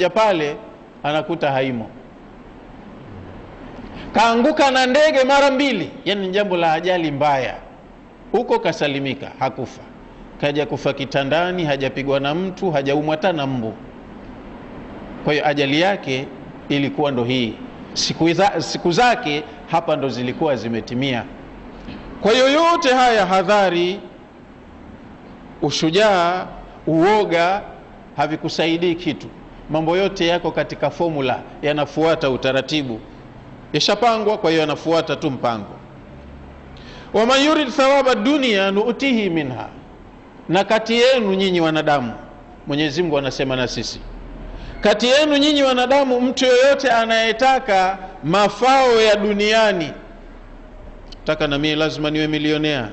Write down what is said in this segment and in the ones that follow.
ja pale anakuta haimo kaanguka na ndege mara mbili yani ni jambo la ajali mbaya huko kasalimika hakufa kaja kufa kitandani hajapigwa na mtu hajaumwa hata na mbu kwa hiyo ajali yake ilikuwa ndo hii siku, za, siku zake hapa ndo zilikuwa zimetimia kwa hiyo yote haya hadhari ushujaa uoga havikusaidii kitu mambo yote yako katika formula, yanafuata utaratibu, yashapangwa. Kwa hiyo yanafuata tu mpango. Waman yurid thawaba dunia nuutihi minha, na kati yenu nyinyi wanadamu, Mwenyezi Mungu anasema na sisi kati yenu nyinyi wanadamu, mtu yoyote anayetaka mafao ya duniani, taka na mimi lazima niwe milionea,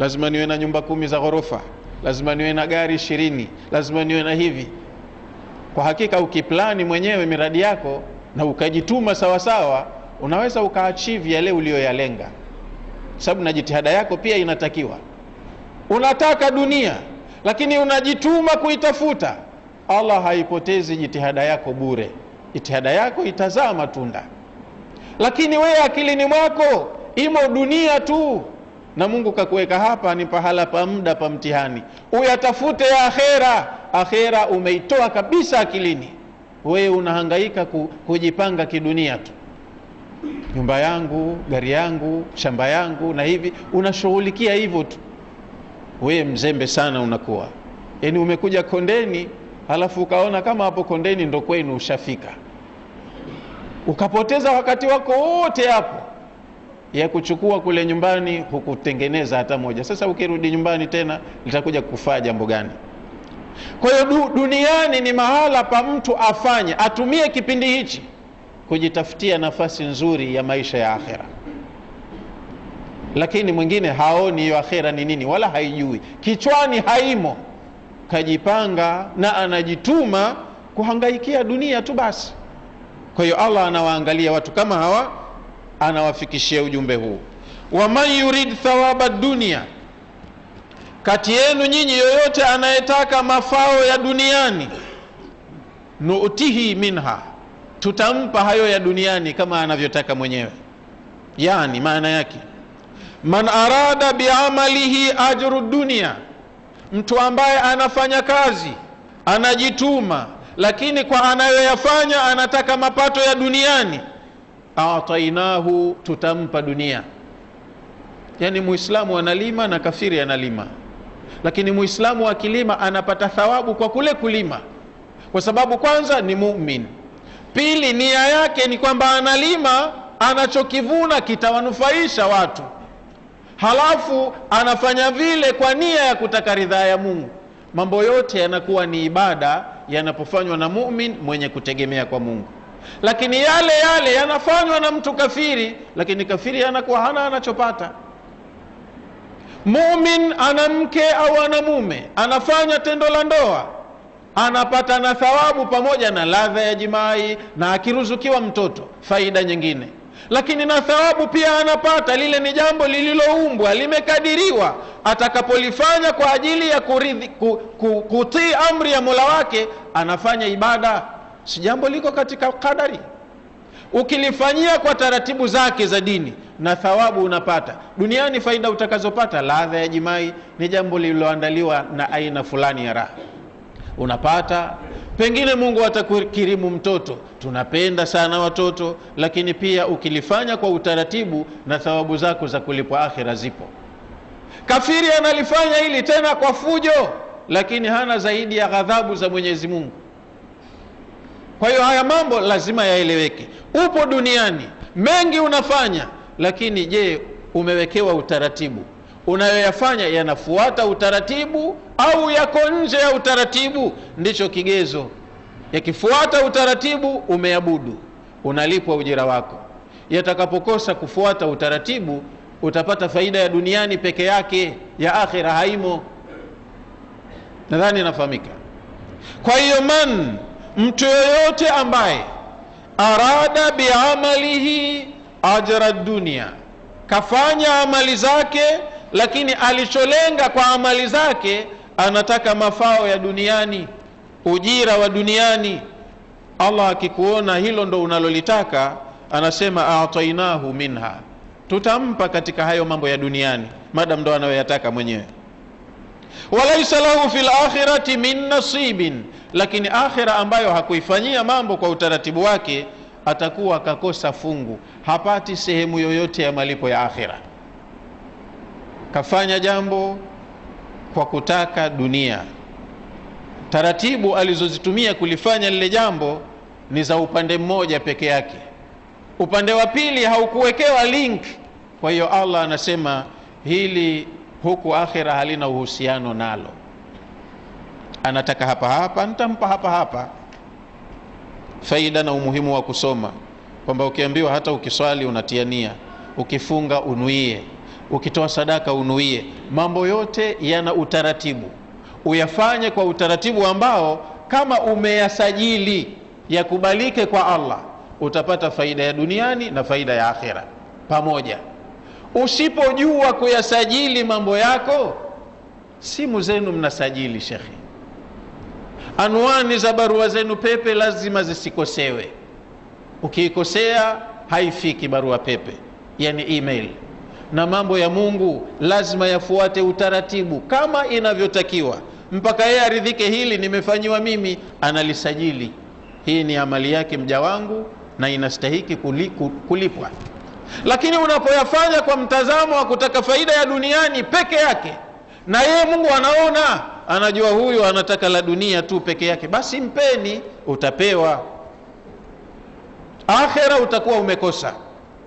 lazima niwe na nyumba kumi za ghorofa, lazima niwe na gari ishirini, lazima niwe na hivi kwa hakika ukiplani mwenyewe miradi yako na ukajituma sawasawa unaweza ukaachivi yale uliyoyalenga sababu na jitihada yako pia inatakiwa unataka dunia lakini unajituma kuitafuta allah haipotezi jitihada yako bure jitihada yako itazaa matunda lakini wewe akilini mwako imo dunia tu na mungu kakuweka hapa ni pahala pa muda pa mtihani uyatafute ya akhera akhera umeitoa kabisa akilini wewe unahangaika ku, kujipanga kidunia tu nyumba yangu gari yangu shamba yangu na hivi unashughulikia hivyo tu wewe mzembe sana unakuwa yaani umekuja kondeni halafu ukaona kama hapo kondeni ndo kwenu ushafika ukapoteza wakati wako wote hapo ya kuchukua kule nyumbani hukutengeneza hata moja sasa ukirudi nyumbani tena litakuja kufaa jambo gani kwa hiyo du, duniani ni mahala pa mtu afanye, atumie kipindi hichi kujitafutia nafasi nzuri ya maisha ya akhera. Lakini mwingine haoni hiyo akhera ni nini, wala haijui, kichwani haimo, kajipanga na anajituma kuhangaikia dunia tu basi. Kwa hiyo Allah anawaangalia watu kama hawa, anawafikishia ujumbe huu, waman yurid thawaba dunia kati yenu nyinyi yoyote anayetaka mafao ya duniani nuutihi minha tutampa hayo ya duniani kama anavyotaka mwenyewe yani maana yake man arada biamalihi ajru dunia mtu ambaye anafanya kazi anajituma lakini kwa anayoyafanya anataka mapato ya duniani atainahu tutampa dunia yani muislamu analima na kafiri analima lakini muislamu akilima anapata thawabu kwa kule kulima kwa sababu kwanza ni mumin pili nia yake ni kwamba analima anachokivuna kitawanufaisha watu halafu anafanya vile kwa nia ya kutaka ridhaa ya mungu mambo yote yanakuwa ni ibada yanapofanywa na mumin mwenye kutegemea kwa mungu lakini yale yale yanafanywa na mtu kafiri lakini kafiri anakuwa hana anachopata mumin ana mke au ana mume anafanya tendo la ndoa anapata na thawabu pamoja na ladha ya jimai na akiruzukiwa mtoto faida nyingine lakini na thawabu pia anapata lile ni jambo lililoumbwa limekadiriwa atakapolifanya kwa ajili ya kuridhi, ku, ku, kutii amri ya mola wake anafanya ibada si jambo liko katika kadari ukilifanyia kwa taratibu zake za dini na thawabu unapata duniani. Faida utakazopata ladha ya jimai ni jambo lililoandaliwa na aina fulani ya raha unapata pengine Mungu atakukirimu mtoto. Tunapenda sana watoto, lakini pia ukilifanya kwa utaratibu na thawabu zako za kulipwa akhira zipo. Kafiri analifanya hili tena kwa fujo, lakini hana zaidi ya ghadhabu za Mwenyezi Mungu. Kwa hiyo haya mambo lazima yaeleweke. Upo duniani, mengi unafanya, lakini je, umewekewa utaratibu? Unayoyafanya yanafuata utaratibu au yako nje ya utaratibu? Ndicho kigezo. Yakifuata utaratibu, umeabudu, unalipwa ujira wako. Yatakapokosa kufuata utaratibu, utapata faida ya duniani peke yake, ya akhira haimo. Nadhani nafahamika. Kwa hiyo man mtu yoyote ambaye arada biamalihi ajra dunia, kafanya amali zake, lakini alicholenga kwa amali zake anataka mafao ya duniani, ujira wa duniani. Allah akikuona hilo ndo unalolitaka, anasema atainahu minha, tutampa katika hayo mambo ya duniani, madam ndo anayoyataka mwenyewe. Walaisa lahu fil akhirati min nasibin lakini akhira ambayo hakuifanyia mambo kwa utaratibu wake atakuwa akakosa fungu hapati sehemu yoyote ya malipo ya akhira kafanya jambo kwa kutaka dunia taratibu alizozitumia kulifanya lile jambo ni za upande mmoja peke yake upande wa pili haukuwekewa link kwa hiyo allah anasema hili huku akhira halina uhusiano nalo anataka hapa hapa, nitampa hapa hapa. Faida na umuhimu wa kusoma kwamba ukiambiwa hata ukiswali unatiania ukifunga unuie, ukitoa sadaka unuie, mambo yote yana utaratibu, uyafanye kwa utaratibu ambao kama umeyasajili yakubalike kwa Allah, utapata faida ya duniani na faida ya akhera pamoja. Usipojua kuyasajili mambo yako, simu zenu mnasajili shekhi Anwani za barua zenu pepe lazima zisikosewe. Ukiikosea haifiki barua pepe, yani email. Na mambo ya Mungu lazima yafuate utaratibu kama inavyotakiwa, mpaka yeye aridhike, hili nimefanyiwa mimi, analisajili. Hii ni amali yake mja wangu na inastahiki kuliku, kulipwa. Lakini unapoyafanya kwa mtazamo wa kutaka faida ya duniani peke yake, na yeye Mungu anaona anajua huyu anataka la dunia tu peke yake, basi mpeni, utapewa. Akhera utakuwa umekosa,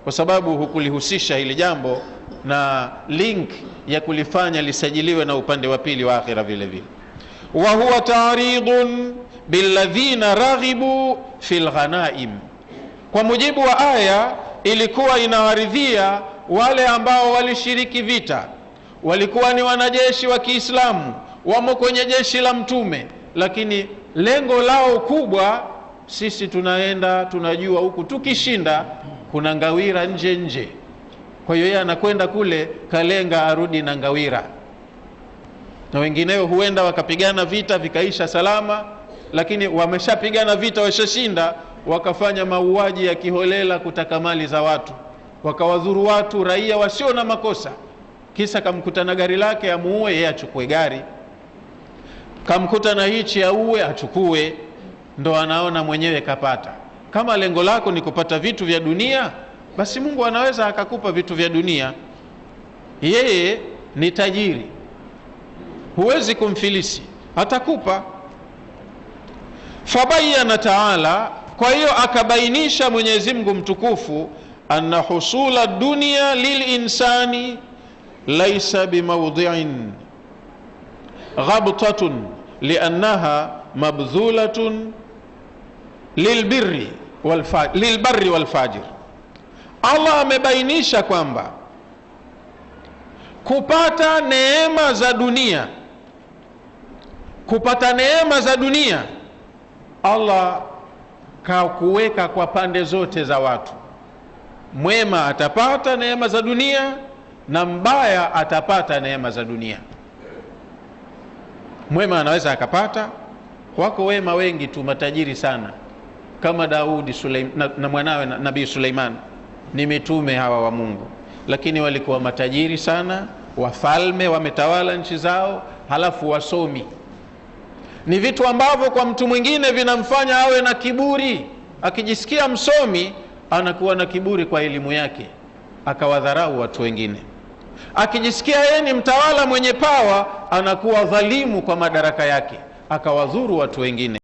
kwa sababu hukulihusisha hili jambo na link ya kulifanya lisajiliwe na upande wa pili wa akhira vile vile. wa huwa taridun billadhina raghibu fil ghanaim, kwa mujibu wa aya ilikuwa inawaridhia wale ambao walishiriki vita, walikuwa ni wanajeshi wa Kiislamu wamo kwenye jeshi la Mtume, lakini lengo lao kubwa, sisi tunaenda tunajua huku tukishinda kuna ngawira nje nje. Kwa hiyo yeye anakwenda kule kalenga arudi na ngawira, na wengineo huenda wakapigana vita vikaisha salama, lakini wameshapigana vita, washashinda, wakafanya mauaji ya kiholela, kutaka mali za watu, wakawadhuru watu raia wasio na makosa, kisa kamkutana gari lake amuue, yeye achukue gari kamkuta na hichi auwe achukue, ndo anaona mwenyewe kapata. Kama lengo lako ni kupata vitu vya dunia, basi Mungu anaweza akakupa vitu vya dunia. Yeye ni tajiri, huwezi kumfilisi, atakupa. Fabayana taala, kwa hiyo akabainisha Mwenyezi Mungu mtukufu anna husula dunia lilinsani laisa bimaudhiin ghabtatun liannaha mabdhulatun lilbirri walfa, lilbarri walfajir. Allah amebainisha kwamba kupata neema za dunia, kupata neema za dunia Allah kakuweka kwa pande zote za watu. Mwema atapata neema za dunia na mbaya atapata neema za dunia mwema anaweza akapata. Wako wema wengi tu, matajiri sana kama Daudi Suleim, na, na mwanawe na, Nabii Suleiman ni mitume hawa wa Mungu, lakini walikuwa matajiri sana, wafalme wametawala nchi zao, halafu wasomi. Ni vitu ambavyo kwa mtu mwingine vinamfanya awe na kiburi. Akijisikia msomi, anakuwa na kiburi kwa elimu yake, akawadharau watu wengine akijisikia yeye ni mtawala mwenye pawa anakuwa dhalimu kwa madaraka yake akawazuru watu wengine